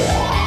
Yeah.